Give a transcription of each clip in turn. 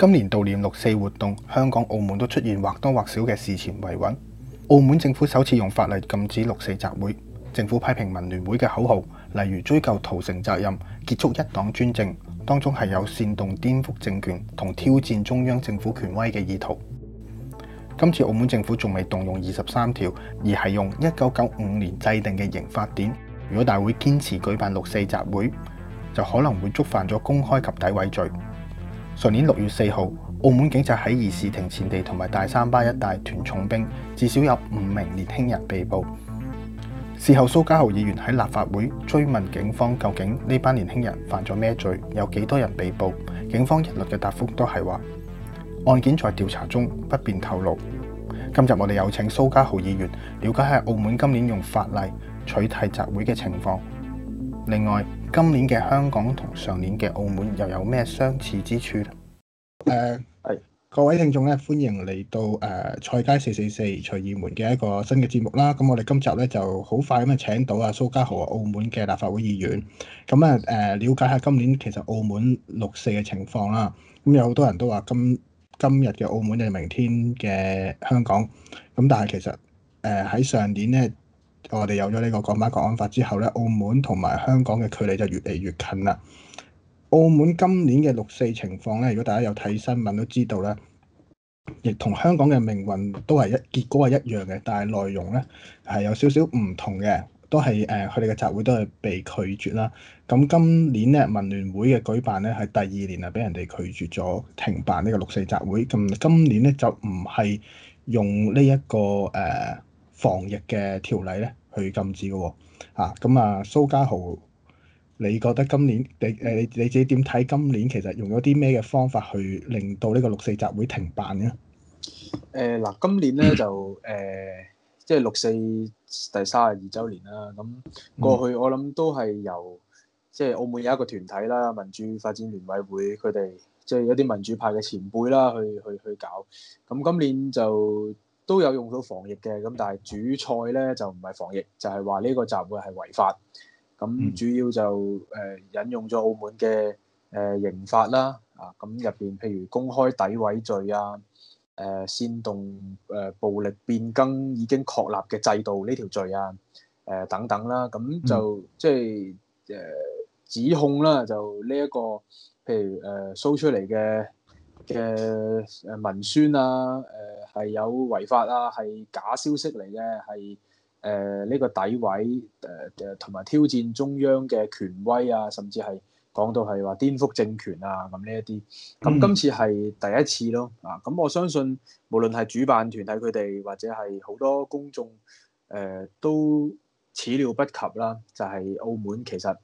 今年悼念六四活動，香港、澳門都出現或多或少嘅事前維穩。澳門政府首次用法例禁止六四集會，政府批評民聯會嘅口號，例如追究屠城責任、結束一黨專政，當中係有煽動顛覆政權同挑戰中央政府權威嘅意圖。今次澳門政府仲未動用二十三條，而係用一九九五年制定嘅刑法典。如果大會堅持舉辦六四集會，就可能會觸犯咗公開及詆譭罪。上年六月四號，澳門警察喺議事亭前地同埋大三巴一帶屯重兵，至少有五名年輕人被捕。事後，蘇嘉豪議員喺立法會追問警方究竟呢班年輕人犯咗咩罪，有幾多人被捕？警方一律嘅答覆都係話案件在調查中，不便透露。今日我哋有請蘇嘉豪議員了解下澳門今年用法例取締集會嘅情況。另外，今年嘅香港同上年嘅澳門又有咩相似之處咧？Uh, 各位聽眾咧，歡迎嚟到誒、uh, 菜街四四四隨意門嘅一個新嘅節目啦。咁我哋今集咧就好快咁啊請到啊蘇嘉豪澳門嘅立法會議員，咁啊誒了解下今年其實澳門六四嘅情況啦。咁有好多人都話今今日嘅澳門就係明天嘅香港，咁但係其實誒喺上年咧。我哋有咗呢個港版《國安法》之後呢，澳門同埋香港嘅距離就越嚟越近啦。澳門今年嘅六四情況呢，如果大家有睇新聞都知道咧，亦同香港嘅命運都係一結果係一樣嘅，但係內容呢係有少少唔同嘅，都係誒佢哋嘅集會都係被拒絕啦。咁今年呢，民聯會嘅舉辦呢係第二年啊，俾人哋拒絕咗停辦呢個六四集會。咁今年呢，就唔係用呢、這、一個誒。呃防疫嘅條例咧，去禁止嘅喎、哦，咁啊，蘇嘉豪，你覺得今年你誒你你自己點睇今年其實用咗啲咩嘅方法去令到呢個六四集會停辦呢？誒嗱、呃，今年咧就誒、呃，即係六四第三十二週年啦。咁過去我諗都係由即係澳門有一個團體啦，民主發展聯委會佢哋，即係有啲民主派嘅前輩啦，去去去搞。咁今年就。都有用到防疫嘅，咁但係主菜咧就唔係防疫，就係話呢個集會係違法。咁主要就誒、呃、引用咗澳門嘅誒、呃、刑法啦，啊咁入邊譬如公開詆毀罪啊，誒、呃、煽動誒、呃、暴力變更已經確立嘅制度呢條罪啊，誒、呃、等等啦，咁就即係誒指控啦，就呢、這、一個譬如誒 show、呃、出嚟嘅嘅誒文宣啊，誒、呃。係有違法啊！係假消息嚟嘅，係誒呢個詆毀誒誒同埋挑戰中央嘅權威啊，甚至係講到係話顛覆政權啊，咁呢一啲。咁今次係第一次咯啊！咁、嗯嗯啊嗯、我相信無論係主辦團體佢哋或者係好多公眾誒、呃、都始料不及啦。就係、係、澳門其實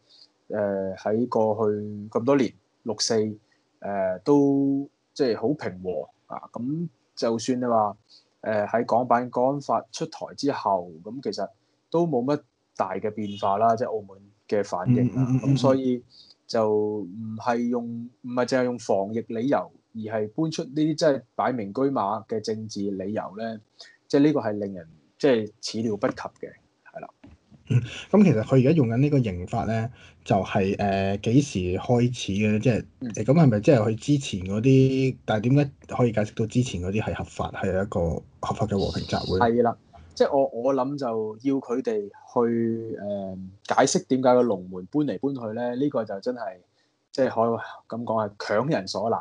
誒喺、呃、過去咁多年六四誒、呃、都即係好平和啊咁。嗯嗯就算你話誒喺港版國安法出台之後，咁其實都冇乜大嘅變化啦，即、就、係、是、澳門嘅反應啦。咁、嗯嗯嗯、所以就唔係用唔係淨係用防疫理由，而係搬出呢啲即係擺明車馬嘅政治理由咧，即係呢個係令人即係、就是、始料不及嘅，係啦。咁、嗯嗯、其實佢而家用緊呢個刑法咧，就係誒幾時開始嘅即係咁係咪即係佢之前嗰啲？但係點解可以解釋到之前嗰啲係合法係有一個合法嘅和平集會？係啦，即、就、係、是、我我諗就要佢哋去誒、呃、解釋點解個龍門搬嚟搬去咧？呢、這個就真係即係可以咁講係強人所難，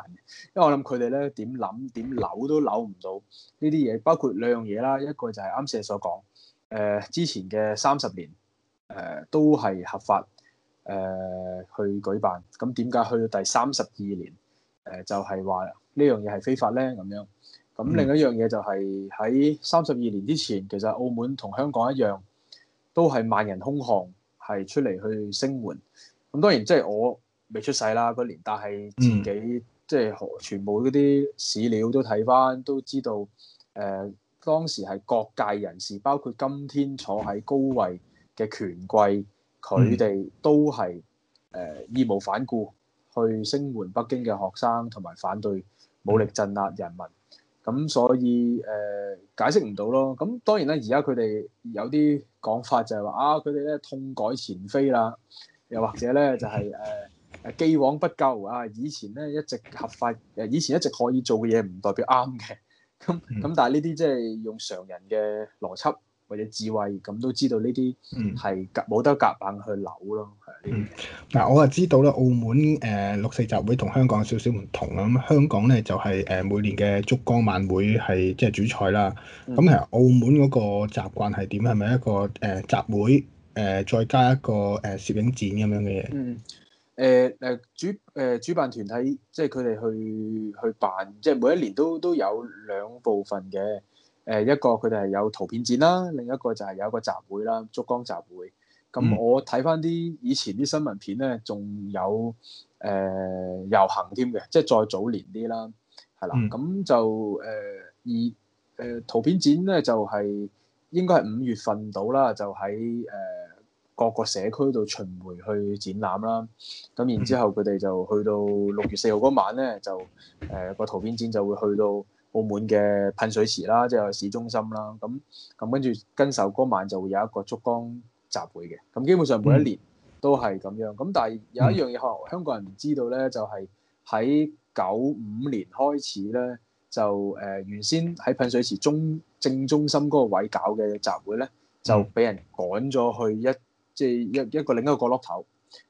因為我諗佢哋咧點諗點扭都扭唔到呢啲嘢，包括兩樣嘢啦，一個就係啱先所講。誒、呃，之前嘅三十年誒、呃、都係合法誒、呃、去舉辦，咁點解去到第三十二年誒、呃、就係話呢樣嘢係非法咧？咁樣，咁另一樣嘢就係喺三十二年之前，其實澳門同香港一樣都係萬人空巷，係出嚟去聲援。咁當然即係我未出世啦嗰年，但係自己即係全部嗰啲史料都睇翻，都知道誒。呃當時係各界人士，包括今天坐喺高位嘅權貴，佢哋都係誒、呃、義無反顧去聲援北京嘅學生同埋反對武力鎮壓人民。咁所以誒、呃、解釋唔到咯。咁當然啦，而家佢哋有啲講法就係話啊，佢哋咧痛改前非啦，又或者咧就係誒誒既往不咎啊。以前咧一直合法，誒以前一直可以做嘅嘢，唔代表啱嘅。咁咁，嗯、但係呢啲即係用常人嘅邏輯或者智慧，咁都知道呢啲係冇得夾硬去扭咯，係嗱、嗯嗯啊，我啊知道啦，澳門誒六四集會同香港有少少唔同啦。咁香港咧就係誒每年嘅燭光晚會係即係主菜啦。咁其實澳門嗰個習慣係點？係咪一個誒集會誒再加一個誒攝影展咁樣嘅嘢？嗯誒誒、呃、主誒、呃、主辦團體，即係佢哋去去辦，即係每一年都都有兩部分嘅。誒、呃、一個佢哋係有圖片展啦，另一個就係有一個集會啦，燭光集會。咁我睇翻啲以前啲新聞片咧，仲有誒遊、呃、行添嘅，即係再早年啲啦，係啦。咁就誒、呃、而誒、呃、圖片展咧，就係、是、應該係五月份到啦，就喺誒。呃個個社區度巡迴去展覽啦，咁然之後佢哋就去到六月四號嗰晚咧，就誒個圖片展就會去到澳門嘅噴水池啦，即係市中心啦。咁咁跟住跟手嗰晚就會有一個燭光集會嘅。咁基本上每一年都係咁樣。咁但係有一樣嘢學香港人唔知道咧，就係喺九五年開始咧，就誒原先喺噴水池中正中心嗰個位搞嘅集會咧，就俾人趕咗去一。即係一一個，一個另一個角落頭，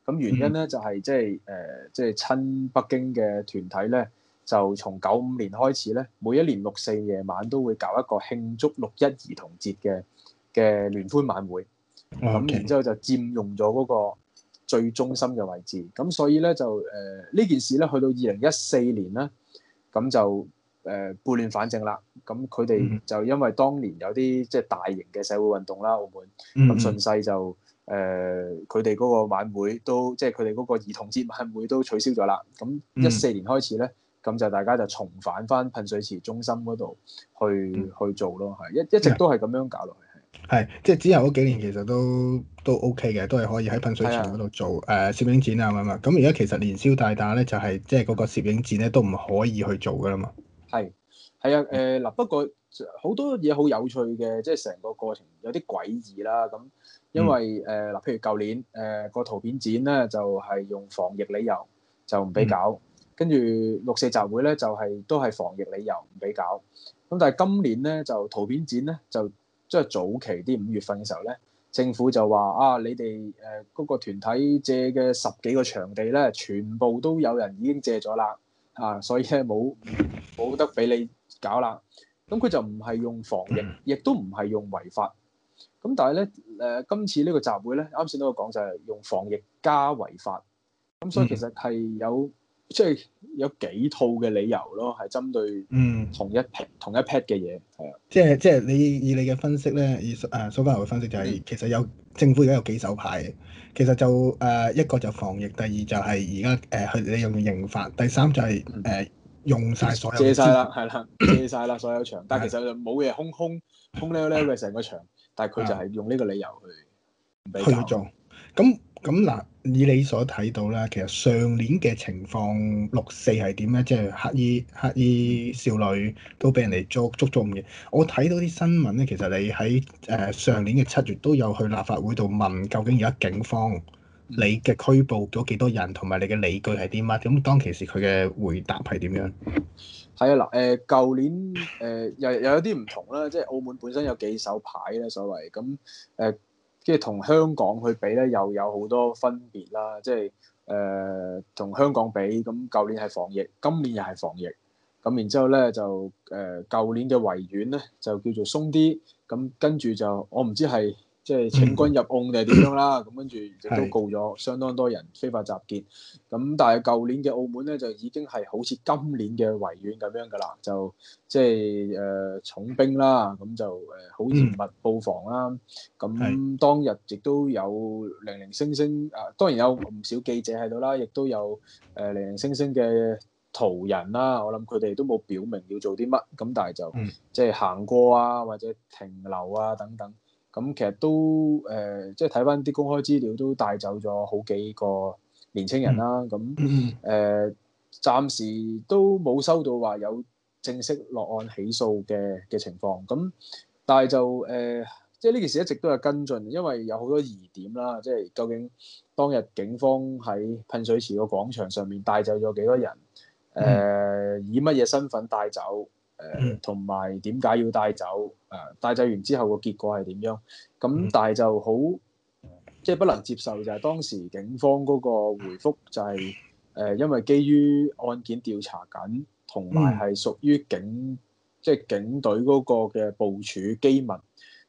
咁原因咧就係即係誒，即、就、係、是呃就是、親北京嘅團體咧，就從九五年開始咧，每一年六四夜晚都會搞一個慶祝六一兒童節嘅嘅聯歡晚會，咁 Okay. 然之後就佔用咗嗰個最中心嘅位置，咁所以咧就誒呢、呃、件事咧去到二零一四年咧，咁就誒撥亂反正啦，咁佢哋就因為當年有啲即係大型嘅社會運動啦，澳門咁順勢就。誒佢哋嗰個晚會都即係佢哋嗰個兒童節晚會都取消咗啦。咁一四年開始咧，咁、嗯、就大家就重返翻噴水池中心嗰度去、嗯、去做咯，係一一直都係咁樣搞落去。係是是，即係之後嗰幾年其實都都 OK 嘅，都係可以喺噴水池嗰度做誒、啊呃、攝影展啊咁啊。咁而家其實連消帶打咧，就係即係嗰個攝影展咧都唔可以去做噶啦嘛。係，係啊，誒、呃、嗱不過。好多嘢好有趣嘅，即係成個過程有啲詭異啦。咁因為誒嗱、嗯呃，譬如舊年誒個、呃、圖片展咧，就係、是、用防疫理由就唔俾搞，跟住、嗯、六四集會咧就係、是、都係防疫理由唔俾搞。咁但係今年咧就圖片展咧就即係早期啲五月份嘅時候咧，政府就話啊，你哋誒嗰個團體借嘅十幾個場地咧，全部都有人已經借咗啦，啊，所以咧冇冇得俾你搞啦。咁佢就唔係用防疫，亦都唔係用違法。咁但係咧，誒、呃、今次呢個集會咧，啱先都有講就係用防疫加違法。咁所以其實係有即係、嗯、有幾套嘅理由咯，係針對同一、嗯、同一 pat 嘅嘢係啊。即係即係你以你嘅分析咧，以誒蘇嘉豪嘅分析就係其實有政府而家有幾手牌。其實就誒、呃、一個就防疫，第二就係而家誒佢你用刑法，第三就係、是、誒。呃嗯用晒所有，借晒啦，係 啦，借晒啦所有場， 但係其實冇嘢，空空空溜溜嘅成個場，但係佢就係用呢個理由去去做。咁咁嗱，以你所睇到咧，其實上年嘅情況六四係點咧？即係黑衣黑衣少女都俾人哋捉捉咗嘅。我睇到啲新聞咧，其實你喺誒上年嘅七月都有去立法會度問，究竟而家警方？你嘅拘捕咗幾多人，同埋你嘅理據係點啊？咁當其時佢嘅回答係點樣？係啊，嗱、呃，誒，舊年誒又又有啲唔同啦，即係澳門本身有幾手牌咧，所謂，咁、呃、誒，即係同香港去比咧又有好多分別啦，即係誒同香港比，咁舊年係防疫，今年又係防疫，咁然之後咧就誒舊、呃、年嘅維園咧就叫做鬆啲，咁跟住就我唔知係。即係請軍入澳定係點樣啦？咁跟住亦都告咗相當多人 非法集結。咁但係舊年嘅澳門咧，就已經係好似今年嘅維園咁樣㗎啦。就即係誒重兵啦，咁就誒好嚴密布防啦。咁當日亦都有零零星星啊，當然有唔少記者喺度啦，亦都有誒零零星星嘅途人啦。我諗佢哋都冇表明要做啲乜，咁但係就即係行過啊，或者停留啊等等。咁其實都誒、呃，即係睇翻啲公開資料，都帶走咗好幾個年輕人啦。咁誒、嗯啊，暫時都冇收到話有正式落案起訴嘅嘅情況。咁，但係就誒，即係呢件事一直都係跟進，因為有好多疑點啦。即係究竟當日警方喺噴水池個廣場上面帶走咗幾多人？誒、嗯呃，以乜嘢身份帶走？誒、呃，同埋點解要帶走？帶走完之後個結果係點樣？咁但係就好即係不能接受，就係當時警方嗰個回覆就係、是、誒、呃，因為基於案件調查緊，同埋係屬於警即係、就是、警隊嗰個嘅部署機密，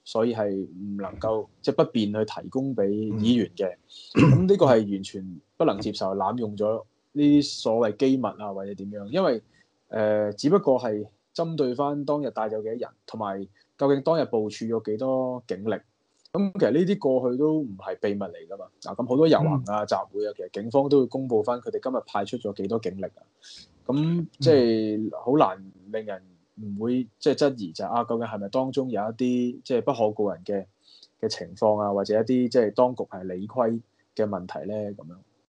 所以係唔能夠即係、就是、不便去提供俾議員嘅。咁呢個係完全不能接受，濫用咗呢啲所謂機密啊，或者點樣？因為誒、呃，只不過係針對翻當日帶走嘅人，同埋。究竟當日部署咗幾多警力？咁其實呢啲過去都唔係秘密嚟㗎嘛。嗱，咁好多遊行啊、集會啊，其實警方都會公布翻佢哋今日派出咗幾多警力啊。咁即係好難令人唔會即係質疑就啊，究竟係咪當中有一啲即係不可告人嘅嘅情況啊，或者一啲即係當局係理虧嘅問題咧？咁樣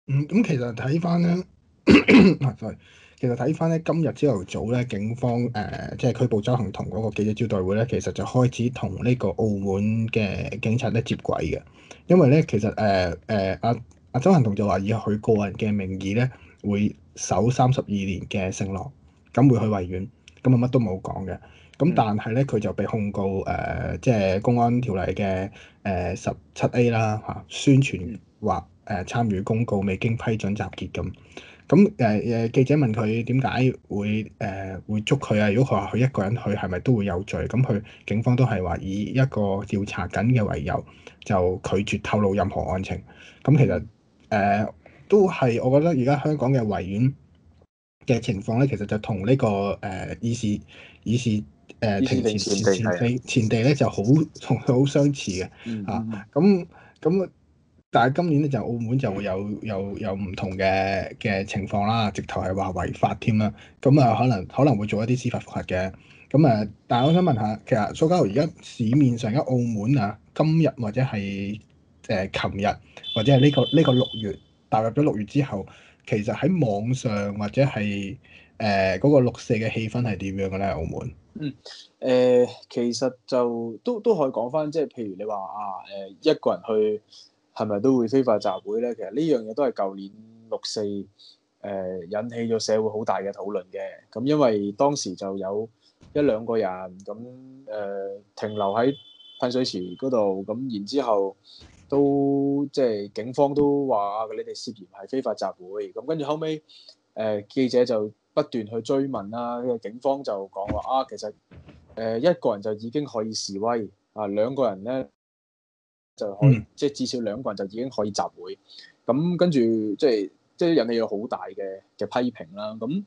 嗯，咁其實睇翻呢 s 其實睇翻咧，今日朝頭早咧，警方誒、呃、即係拘捕鄒幸彤嗰個記者招待會咧，其實就開始同呢個澳門嘅警察咧接軌嘅，因為咧其實誒誒阿阿鄒幸彤就話以佢個人嘅名義咧會守三十二年嘅承諾，咁、嗯、會去維園，咁啊乜都冇講嘅，咁、嗯、但係咧佢就被控告誒、呃、即係公安條例嘅誒十七 A 啦嚇，宣傳或誒參與公告未經批准集結咁。咁誒誒記者問佢點解會誒、呃、會捉佢啊？如果佢話佢一個人去，係咪都會有罪？咁佢警方都係話以一個調查緊嘅為由，就拒絕透露任何案情。咁其實誒、呃、都係，我覺得而家香港嘅維園嘅情況咧，其實就同呢、呢個誒議事、呃呃、議事、議事誒亭前地嘅前地咧就好同佢好相似嘅嚇。咁、啊、咁。但係今年咧，就澳門就會有有有唔同嘅嘅情況啦，直頭係話違法添啦，咁啊可能可能會做一啲司法複核嘅，咁啊，但係我想問下，其實蘇嘉豪而家市面上而家澳門啊，今日或者係誒琴日或者係呢、這個呢、這個六月踏入咗六月之後，其實喺網上或者係誒嗰個六四嘅氣氛係點樣嘅咧？澳門？嗯，誒、呃，其實就都都可以講翻，即係譬如你話啊，誒、呃、一個人去。係咪都會非法集會呢？其實呢樣嘢都係舊年六四誒、呃、引起咗社會好大嘅討論嘅。咁因為當時就有一兩個人咁誒、呃、停留喺噴水池嗰度，咁然之後都即係警方都話你哋涉嫌係非法集會。咁跟住後尾誒、呃、記者就不斷去追問啦，因為警方就講話：「啊，其實誒一個人就已經可以示威啊，兩個人呢。」就可即係、嗯、至少兩個人就已經可以集會，咁、嗯、跟住即係即係引起咗好大嘅嘅批評啦。咁誒、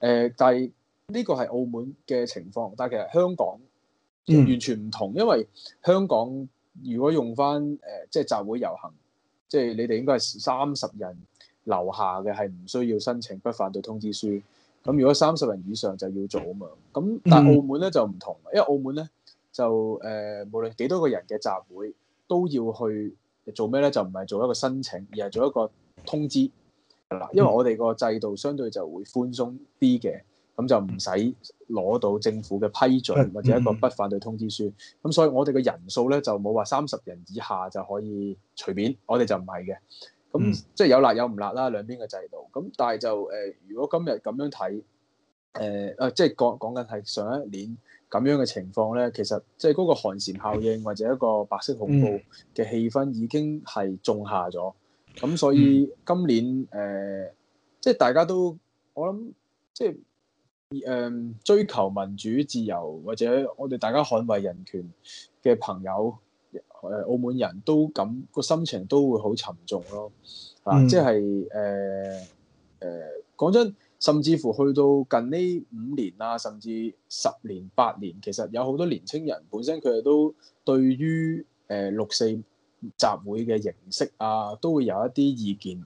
呃，但係呢個係澳門嘅情況，但係其實香港完全唔同，嗯、因為香港如果用翻誒即係集會遊行，即、就、係、是、你哋應該係三十人樓下嘅係唔需要申請不反對通知書。咁如果三十人以上就要做啊嘛。咁但係澳門咧就唔同，嗯、因為澳門咧就誒、呃、無論幾多個人嘅集會。都要去做咩咧？就唔係做一個申請，而係做一個通知啦。因為我哋個制度相對就會寬鬆啲嘅，咁就唔使攞到政府嘅批准或者一個不反對通知書。咁所以我哋嘅人數咧就冇話三十人以下就可以隨便，我哋就唔係嘅。咁即係有辣有唔辣啦，兩邊嘅制度。咁但係就誒、呃，如果今日咁樣睇，誒、呃、啊，即係講講緊係上一年。咁樣嘅情況咧，其實即係嗰個寒蟬效應，或者一個白色恐怖嘅氣氛已經係種下咗。咁、嗯、所以今年誒，即、呃、係、就是、大家都我諗、就是，即係誒追求民主自由或者我哋大家捍衞人權嘅朋友，誒澳門人都咁個心情都會好沉重咯。啊、呃，即係誒誒，講、呃呃、真。甚至乎去到近呢五年啊，甚至十年八年，其實有好多年青人本身佢哋都對於誒、呃、六四集會嘅形式啊，都會有一啲意見，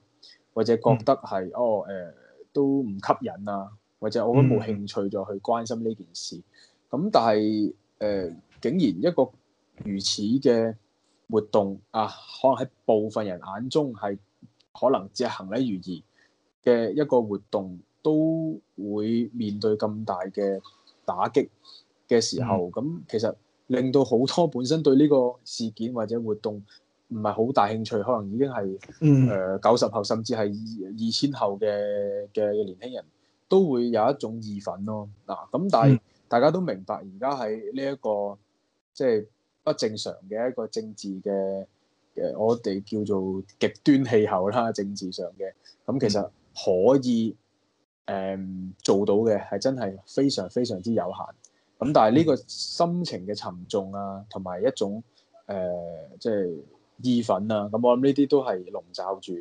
或者覺得係、嗯、哦誒、呃、都唔吸引啊，或者我都冇興趣再去關心呢件事。咁、嗯、但係誒、呃、竟然一個如此嘅活動啊，可能喺部分人眼中係可能只係行禮如儀嘅一個活動都會面對咁大嘅打擊嘅時候，咁、嗯、其實令到好多本身對呢個事件或者活動唔係好大興趣，可能已經係誒九十後甚至係二千後嘅嘅年輕人、嗯、都會有一種義憤咯。嗱，咁但係大家都明白在在、這個，而家係呢一個即係不正常嘅一個政治嘅我哋叫做極端氣候啦，政治上嘅咁其實可以。誒、嗯、做到嘅係真係非常非常之有限，咁、嗯、但係呢個心情嘅沉重啊，同埋一種誒即係意憤啊，咁、嗯、我諗呢啲都係籠罩住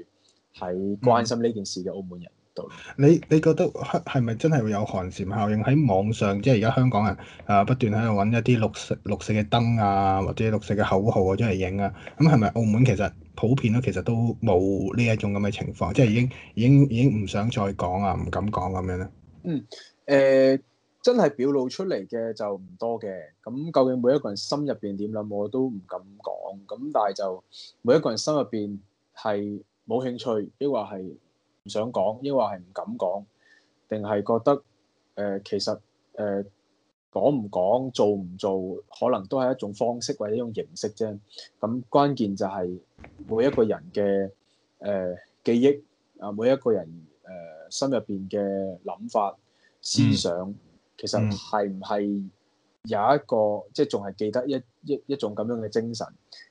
喺關心呢件事嘅澳門人度、嗯。你你覺得係咪真係會有寒蟬效應？喺網上即係而家香港人啊不斷喺度揾一啲綠色綠色嘅燈啊，或者綠色嘅口號啊，出嚟影啊，咁係咪澳門其實？普遍咯，其實都冇呢一種咁嘅情況，即係已經已經已經唔想再講啊，唔敢講咁樣咧。嗯，誒、呃、真係表露出嚟嘅就唔多嘅。咁究竟每一個人心入邊點諗，我都唔敢講。咁但係就每一個人心入邊係冇興趣，抑或係唔想講，抑或係唔敢講，定係覺得誒、呃、其實誒。呃講唔講，做唔做，可能都係一種方式或者一種形式啫。咁關鍵就係每一個人嘅誒、呃、記憶啊，每一個人誒、呃、心入邊嘅諗法、思想，嗯、其實係唔係有一個即係仲係記得一一一種咁樣嘅精神？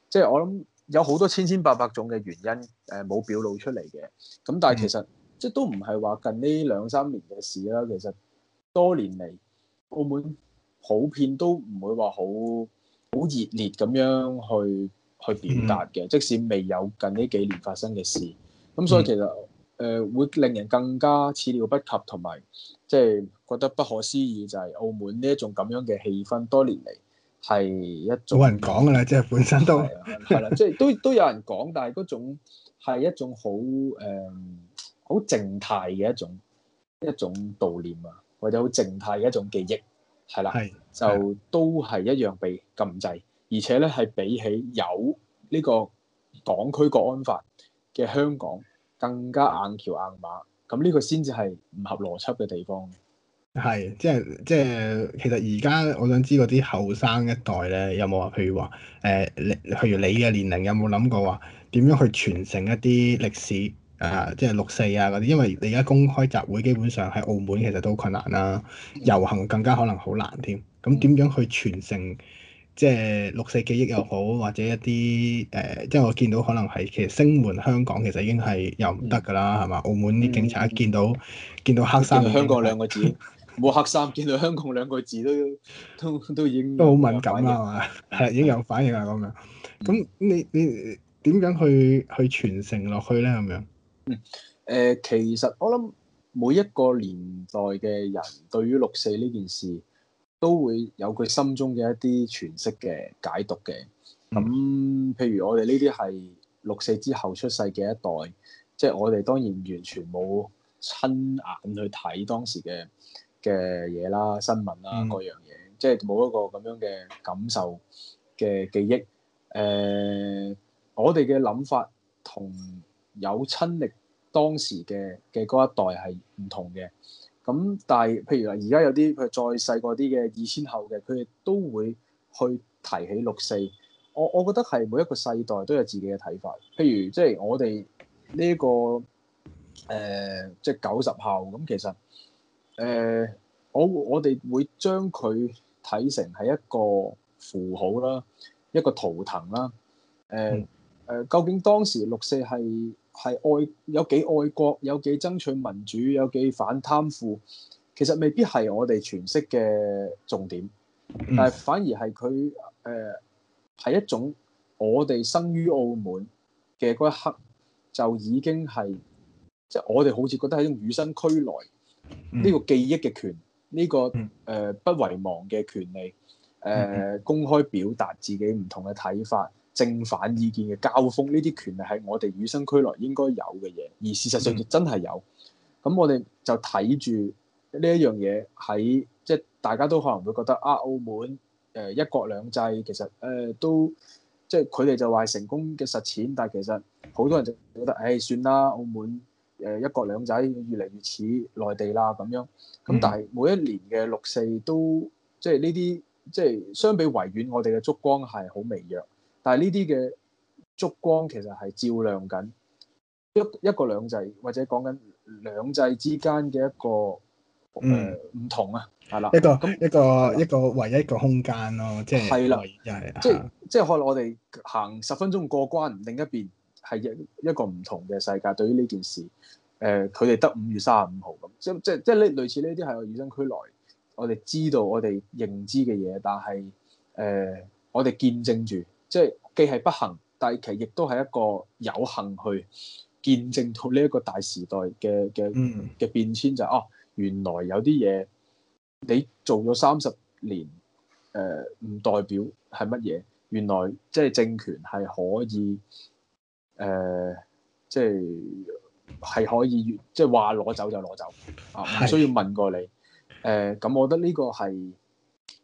即、就、係、是、我諗有好多千千百百種嘅原因誒冇、呃、表露出嚟嘅。咁但係其實即係、就是、都唔係話近呢兩三年嘅事啦。其實多年嚟澳門。普遍都唔會話好好熱烈咁樣去去表達嘅，嗯、即使未有近呢幾年發生嘅事。咁所以其實誒、嗯呃、會令人更加始料不及，同埋即係覺得不可思議，就係澳門呢一種咁樣嘅氣氛，多年嚟係一種冇人講㗎啦，即係本身都係啦，即係、 啊啊啊就係、都都有人講，但係嗰種係一種好誒好靜態嘅一種一種悼念啊，或者好靜態嘅一種記憶。係啦，係，就都係一樣被禁制，係。而且咧係比起有呢個港區國安法嘅香港更加硬橋硬馬。咁呢個先至係唔合邏輯嘅地方。係即係即係，其實而家我想知嗰啲後生一代咧有冇話，譬如話誒、呃，譬如你嘅年齡有冇諗過話點樣去傳承一啲歷史？誒、啊，即係六四啊嗰啲，因為你而家公開集會基本上喺澳門其實都困難啦、啊，遊行更加可能好難添。咁、啊、點、嗯、樣去傳承？即係六四記憶又好，或者一啲誒、呃，即係我見到可能係其實聲援香港其實已經係又唔得㗎啦，係嘛、嗯？澳門啲警察一見到見到黑衫，香港兩個字冇黑衫，見到 香港兩個字都都都已經沒有沒有都好敏感啊嘛，係已經有反應啦咁、嗯嗯、樣。咁你你點樣去去傳承落去咧咁樣呢？嗯、呃，其實我諗每一個年代嘅人對於六四呢件事都會有佢心中嘅一啲詮釋嘅解讀嘅。咁，譬如我哋呢啲係六四之後出世嘅一代，即、就、係、是、我哋當然完全冇親眼去睇當時嘅嘅嘢啦、新聞啦嗰、嗯、樣嘢，即係冇一個咁樣嘅感受嘅記憶。誒、呃，我哋嘅諗法同有親歷當時嘅嘅嗰一代係唔同嘅，咁但係譬如話，而家有啲佢再細個啲嘅二千後嘅，佢哋都會去提起六四。我我覺得係每一個世代都有自己嘅睇法。譬如即係我哋呢一個、呃、即係九十後咁，其實誒、呃、我我哋會將佢睇成係一個符號啦，一個圖騰啦。誒、呃、誒，嗯、究竟當時六四係，係愛有幾愛國，有幾爭取民主，有幾反貪腐，其實未必係我哋詮釋嘅重點，但係反而係佢誒係一種我哋生於澳門嘅嗰一刻，就已經係即係我哋好似覺得係一種與生俱來呢、這個記憶嘅權，呢、這個誒、呃、不遺忘嘅權利，誒、呃、公開表達自己唔同嘅睇法。正反意見嘅交鋒，呢啲權利係我哋與生俱來應該有嘅嘢，而事實上亦真係有。咁、嗯、我哋就睇住呢一樣嘢喺即係大家都可能會覺得啊，澳門誒、呃、一國兩制其實誒、呃、都即係佢哋就話成功嘅實踐，但係其實好多人就覺得誒、欸、算啦，澳門誒、呃、一國兩制越嚟越似內地啦咁樣。咁、嗯嗯、但係每一年嘅六四都即係呢啲即係相比維園，我哋嘅燭光係好微弱。但係呢啲嘅燭光其實係照亮緊一一個兩制，或者講緊兩制之間嘅一個嗯、呃、唔同啊，係啦，一個咁一個、嗯、一個唯一一個空間咯，即係係啦，即係即係可能我哋行、即係即係即係、十分鐘過關，另一邊係一一個唔同嘅世界。對於呢件事，誒、佢哋得五月三十五號咁，即即即係呢類似呢啲係我與生俱來我哋知道我哋認知嘅嘢，但係誒、呃、我哋見證住。即係既係不幸，但係其實亦都係一個有幸去見證到呢一個大時代嘅嘅嘅變遷、就係，就哦，原來有啲嘢你做咗三十年，誒、呃、唔代表係乜嘢？原來即係、就係、政權係可以誒，即係係可以即係話攞走就攞走，啊唔的需要問過你。誒、呃、咁，我覺得呢個係。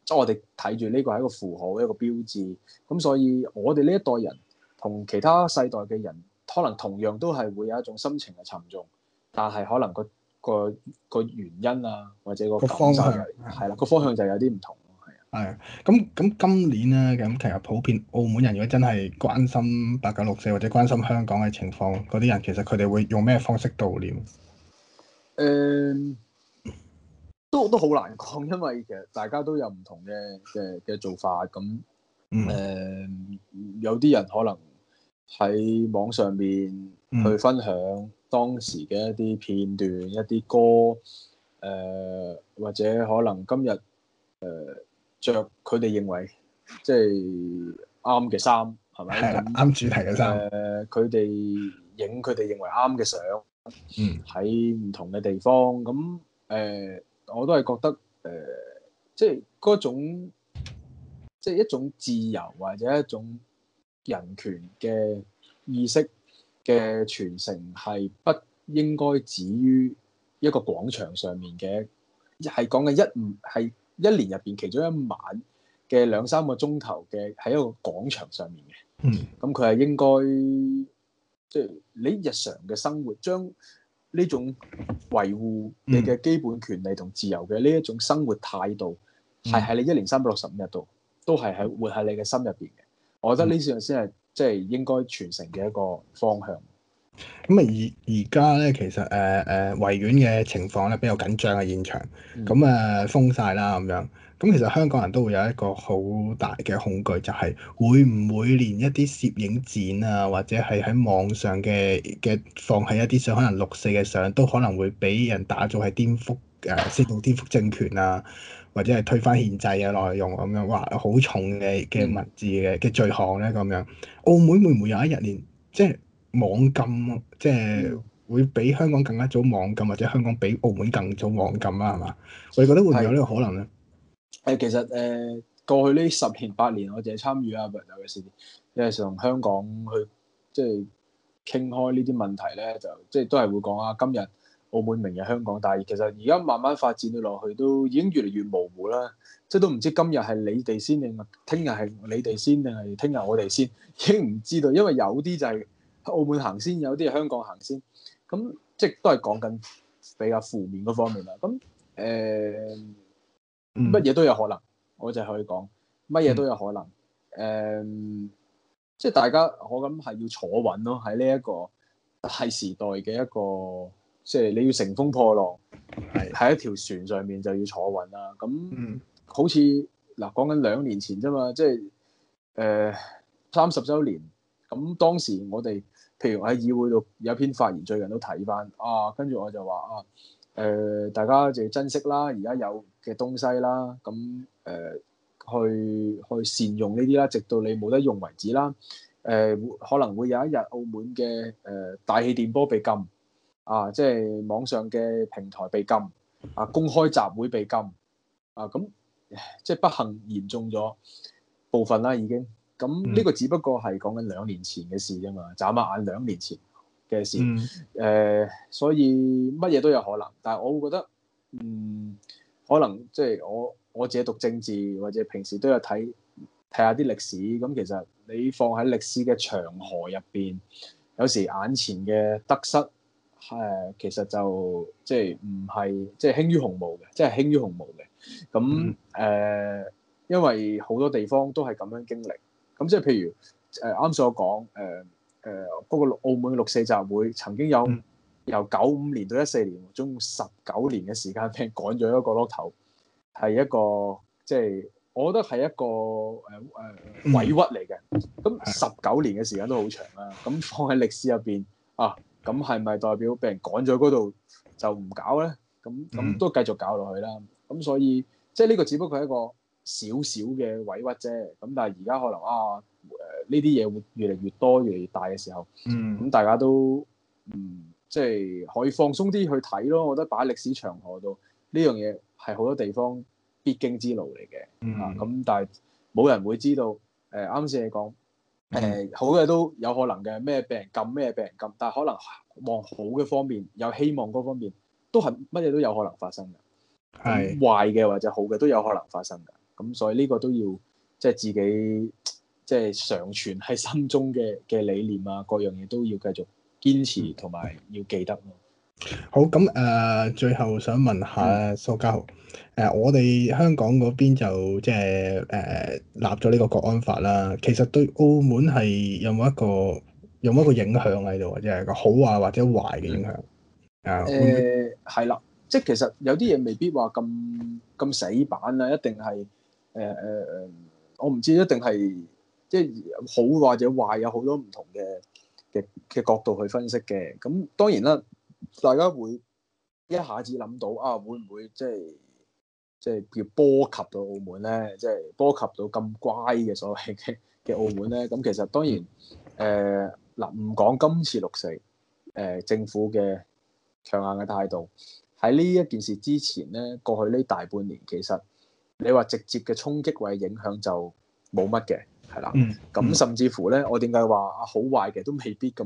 即我哋睇住呢個係一個符號，一個標誌，咁所以我哋呢一代人同其他世代嘅人，可能同樣都係會有一種心情嘅沉重，但係可能、個個個、個原因啊，或者個、就係、方向係啦，個方向就有啲唔同，係啊，係啊，咁咁今年咧，咁其實普遍澳門人如果真係關心八九六四或者關心香港嘅情況，嗰啲人其實佢哋會用咩方式悼念？誒、嗯。都都好難講，因為其實大家都有唔同嘅嘅嘅做法。咁，誒、嗯呃，有啲人可能喺網上面去分享當時嘅一啲片段、嗯、一啲歌，誒、呃，或者可能今日誒、呃、着佢哋認為即係啱嘅衫，係咪？係啦，啱主題嘅衫。誒，佢哋影佢哋認為啱嘅相，嗯，喺唔同嘅地方，咁誒。呃我都係覺得，誒、呃，即係嗰種，即係一種自由或者一種人權嘅意識嘅傳承，係不應該止於一個廣場上面嘅，係講緊一唔係一年入邊其中一晚嘅兩三個鐘頭嘅喺一個廣場上面嘅。嗯，咁佢係應該即係你日常嘅生活將，呢種維護你嘅基本權利同自由嘅呢一種生活態度，係喺、嗯、你一年三百六十五日度，都係喺活喺你嘅心入邊嘅。我覺得呢樣先係即係應該傳承嘅一個方向。咁啊，而而家咧，其實誒誒、呃呃、維園嘅情況咧比較緊張嘅現場，咁啊封晒啦咁樣。咁其實香港人都會有一個好大嘅恐懼，就係、是、會唔會連一啲攝影展啊，或者係喺網上嘅嘅放棄一啲相，可能六四嘅相，都可能會俾人打造係顛覆到、呃、顛覆政權啊，或者係推翻憲制嘅內容咁樣，哇，好重嘅嘅文字嘅嘅、嗯、罪行咧咁樣。澳門會唔會有一日連即係？就是網禁即係會比香港更加早網禁，或者香港比澳門更早網禁啊？係嘛？我哋覺得會唔會有呢個可能咧？誒，其實誒、呃、過去呢十年八年，我就係參與啊，不同嘅事，因為從香港去即係傾開呢啲問題咧，就即係都係會講啊。今日澳門，明日香港，但係其實而家慢慢發展到落去，都已經越嚟越模糊啦。即係都唔知今日係你哋先定，聽日係你哋先定係聽日我哋先，已經唔知道，因為有啲就係、是，澳門行先，有啲係香港行先，咁即係都係講緊比較負面嗰方面啦。咁誒，乜、呃、嘢都有可能，嗯、我就可以講乜嘢都有可能。誒、嗯嗯，即係大家我咁係要坐穩咯，喺呢一個係時代嘅一個，即、就、係、是、你要乘風破浪，喺 一條船上面就要坐穩啦。咁好似嗱講緊兩年前啫嘛，即係誒三十周年，咁當時我哋。譬如喺議會度有一篇發言，最近都睇返啊，跟住我就話啊，誒、呃、大家就要珍惜啦，而家有嘅東西啦，咁、啊、誒去去善用呢啲啦，直到你冇得用為止啦。誒、啊、可能會有一日澳門嘅誒、呃、大氣電波被禁啊，即係網上嘅平台被禁啊，公開集會被禁啊，咁、啊、即係不幸嚴重咗部分啦，已經。咁呢、嗯、個只不過係講緊兩年前嘅事啫嘛，眨下眼兩年前嘅事。誒、嗯呃，所以乜嘢都有可能。但係我會覺得，嗯，可能即係我我自己讀政治，或者平時都有睇睇下啲歷史。咁、嗯嗯、其實你放喺歷史嘅長河入邊，有時眼前嘅得失，誒、呃，其實就即係唔係即係輕於鴻毛嘅，即係輕於鴻毛嘅。咁誒、嗯嗯呃，因為好多地方都係咁樣經歷。咁即係譬如，誒啱所講，誒誒嗰個澳門六四集會曾經有、嗯、由九五年到一四年，總共十九年嘅時間俾人趕咗一個 lock 頭，係一個即係我覺得係一個誒誒、呃呃、委屈嚟嘅。咁十九年嘅時間都好長啦，咁放喺歷史入邊啊，咁係咪代表俾人趕咗嗰度就唔搞咧？咁咁、嗯、都繼續搞落去啦。咁所以即係呢個，只不過係一個。少少嘅委屈啫，咁但係而家可能啊，誒呢啲嘢會越嚟越多越嚟越大嘅時候，咁、嗯、大家都唔即係可以放鬆啲去睇咯。我覺得擺喺歷史長河度，呢樣嘢係好多地方必經之路嚟嘅。嗯、啊，咁但係冇人會知道，誒啱先你講，誒、呃嗯、好嘅都有可能嘅，咩病撳咩病撳，但係可能望好嘅方面有希望嗰方面，都係乜嘢都有可能發生嘅，是壞嘅或者好嘅都有可能發生㗎。咁所以呢個都要即係自己即係常存喺心中嘅嘅理念啊，各樣嘢都要繼續堅持，同埋要記得咯、嗯。好咁誒、呃，最後想問下蘇嘉豪誒、呃，我哋香港嗰邊就即係誒立咗呢個國安法啦。其實對澳門係有冇一個有冇一個影響喺度、嗯、啊？即係個好啊，或者壞嘅影響誒係啦，即係其實有啲嘢未必話咁咁死板啦，一定係。誒誒誒，uh，我唔知一定係即係好或者壞，有好多唔同嘅嘅嘅角度去分析嘅。咁當然啦，大家會一下子諗到啊，會唔會即係即係叫波及到澳門咧？即係波及到咁乖嘅所謂嘅澳門咧？咁其實當然誒嗱，唔講今次六四誒政府嘅強硬嘅態度，喺呢一件事之前咧，過去呢大半年其實。你話直接嘅衝擊或影響就冇乜嘅，係啦。咁甚至乎咧，我點解話啊好壞嘅都未必咁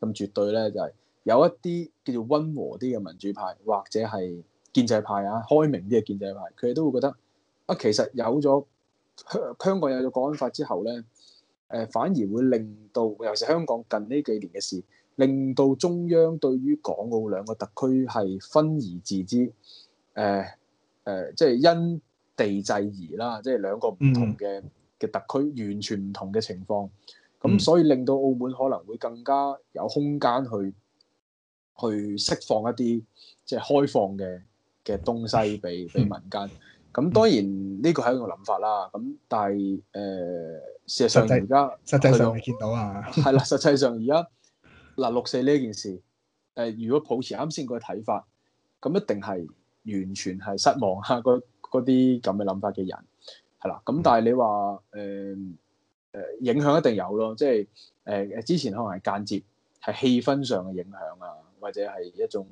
咁絕對咧？就係、是、有一啲叫做溫和啲嘅民主派，或者係建制派啊，開明啲嘅建制派，佢哋都會覺得啊，其實有咗香香港有咗國安法之後咧，誒、呃，反而會令到尤其是香港近呢幾年嘅事，令到中央對於港澳兩個特區係分而治之。誒、呃、誒，即、呃、係、就是、因。地制宜啦，即係兩個唔同嘅嘅特區，嗯、完全唔同嘅情況，咁、嗯、所以令到澳門可能會更加有空間去、嗯、去釋放一啲即係開放嘅嘅東西俾俾民間。咁、嗯、當然呢個係一個諗法啦。咁但係誒、呃，事實上而家實際上未見到啊。係啦，實際上而家嗱六四呢件事，誒、呃、如果抱持啱先個睇法，咁一定係完全係失望吓嗰啲咁嘅諗法嘅人係啦，咁但係你話誒誒影響一定有咯，即係誒、呃、之前可能係間接係氣氛上嘅影響啊，或者係一種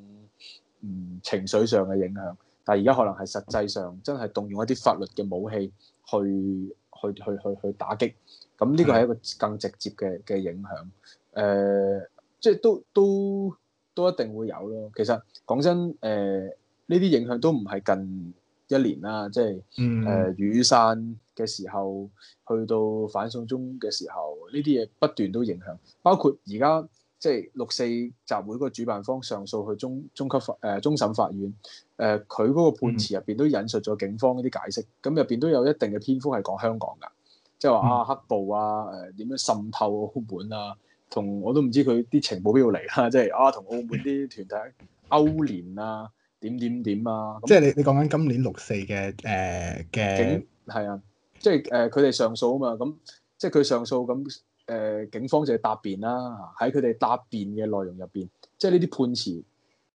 嗯情緒上嘅影響，但係而家可能係實際上真係動用一啲法律嘅武器去去去去去打擊，咁呢個係一個更直接嘅嘅影響。誒、呃、即係都都都一定會有咯。其實講真，誒呢啲影響都唔係近一年啦，即係誒、呃、雨傘嘅時候，去到反送中嘅時候，呢啲嘢不斷都影響。包括而家即係六四集會個主辦方上訴去中中級法誒終審法院，誒佢嗰個判詞入邊都引述咗警方嗰啲解釋，咁入邊都有一定嘅篇幅係講香港噶，即係話、嗯、啊黑暴啊誒點、呃、樣滲透澳門啊，同我都唔知佢啲情報邊度嚟啦，即係啊同澳門啲團體勾連啊。點點點啊！即係你你講緊今年六四嘅、誒嘅警係啊，即係誒佢哋上訴啊嘛，咁、嗯、即係佢上訴，咁誒警方就係答辯啦。喺佢哋答辯嘅內容入邊，即係呢啲判詞誒、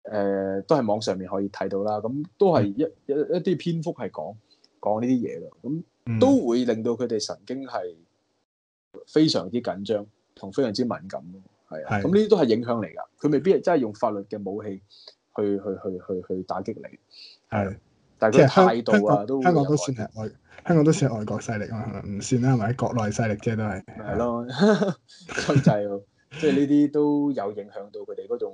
呃、都係網上面可以睇到啦。咁、嗯嗯、都係一一一啲篇幅係講講呢啲嘢噶，咁、嗯嗯、都會令到佢哋神經係非常之緊張同非常之敏感咯。係啊，咁呢啲都係影響嚟噶，佢未必係真係用法律嘅武器，去去去去去打擊你，係的，但係其實態度啊，香都香港都算係外，香港都算係外國勢力啊，唔算啦，係咪？國內勢力啫都係，係咯的，就係，即係呢啲都有影響到佢哋嗰種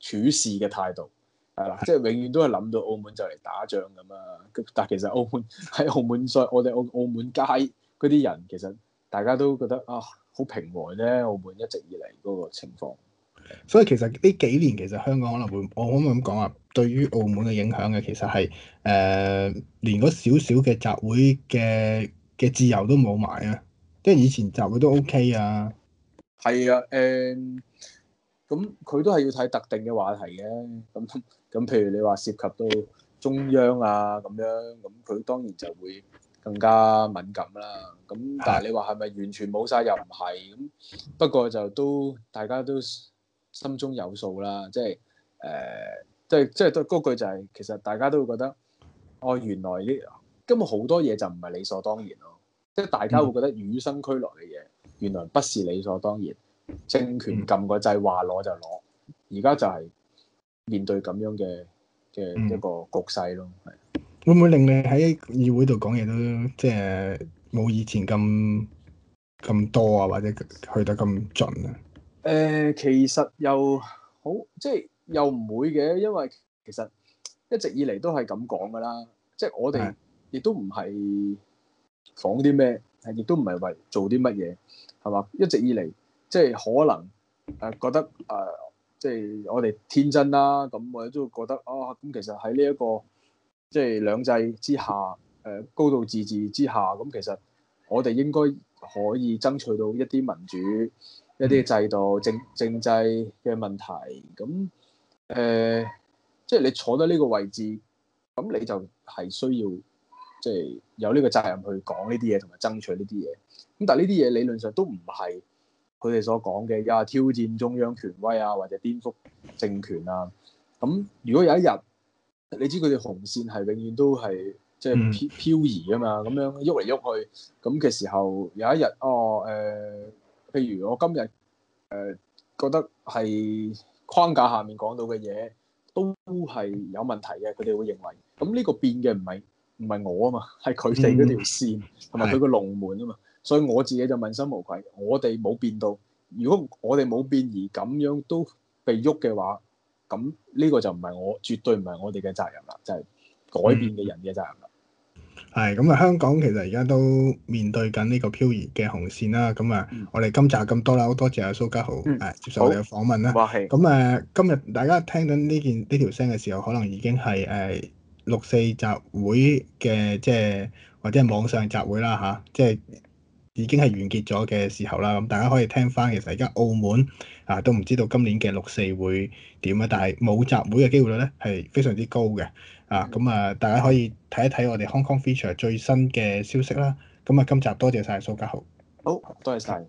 處事嘅態度，係啦，即係的永遠都係諗到澳門就嚟打仗咁啊！但係其實澳門喺 澳門，我哋澳澳門街嗰啲人其實大家都覺得啊，好平和啫，澳門一直以嚟嗰個情況。所以其實呢幾年其實香港可能會，我可唔可以咁講啊？對於澳門嘅影響嘅其實係誒、呃，連嗰少少嘅集會嘅嘅自由都冇埋啊！即係以前集會都 OK 啊。係啊，誒、呃，咁佢都係要睇特定嘅話題嘅。咁咁，譬如你話涉及到中央啊咁樣，咁佢當然就會更加敏感啦。咁但係你話係咪完全冇晒？又唔係咁，不過就都大家都。心中有數啦，即係誒、呃，即係即係嗰句就係、是，其實大家都會覺得，哦，原來呢，根本好多嘢就唔係理所當然咯。即係大家會覺得與生俱來嘅嘢，原來不是理所當然。政權撳個掣，話攞、嗯、就攞，而家就係面對咁樣嘅嘅一個局勢咯。係、嗯、是會唔會令你喺議會度講嘢都即係冇以前咁咁多啊，或者去得咁盡啊？誒、呃，其實又好，即係又唔會嘅，因為其實一直以嚟都係咁講噶啦，即係我哋亦都唔係講啲咩，亦都唔係為做啲乜嘢，係嘛？一直以嚟，即係可能誒、呃、覺得誒、呃，即係我哋天真啦、啊，咁或者都會覺得啊，咁、哦、其實喺呢一個即係兩制之下，誒、呃、高度自治之下，咁其實我哋應該可以爭取到一啲民主。一啲制度政政制嘅問題，咁誒，即係你坐得呢個位置，咁你就係需要，即係有呢個責任去講呢啲嘢同埋爭取呢啲嘢。咁但係呢啲嘢理論上都唔係佢哋所講嘅，啊，挑戰中央權威啊，或者顛覆政權啊。咁如果有一日，你知佢哋紅線係永遠都係即係漂漂移啊嘛，咁、嗯、樣喐嚟喐去，咁嘅時候有一日，哦誒。呃譬如我今日誒、呃、覺得係框架下面講到嘅嘢都係有問題嘅，佢哋會認為。咁呢個變嘅唔係唔係我啊嘛，係佢哋嗰條線同埋佢個龍門啊嘛。是的 所以我自己就問心無愧，我哋冇變到。如果我哋冇變而咁樣都被喐嘅話，咁呢個就唔係我，絕對唔係我哋嘅責任啦，就係、是、改變嘅人嘅責任啦。嗯。係咁啊，香港其實而家都面對緊呢個漂移嘅紅線啦。咁啊、嗯，我哋今集咁多啦，好多謝阿蘇嘉豪誒、嗯、接受我哋嘅訪問啦。咁啊、嗯，今日大家聽緊呢件呢條聲嘅時候，可能已經係誒六四集會嘅，即係或者係網上集會啦吓，即係已經係完結咗嘅時候啦。咁大家可以聽翻，其實而家澳門啊都唔知道今年嘅六四會點啊，但係冇集會嘅機會率咧係非常之高嘅。啊，咁啊，大家可以睇一睇我哋 Hong Kong Feature 最新嘅消息啦。咁啊，今集多謝晒蘇嘉豪，好，多謝晒。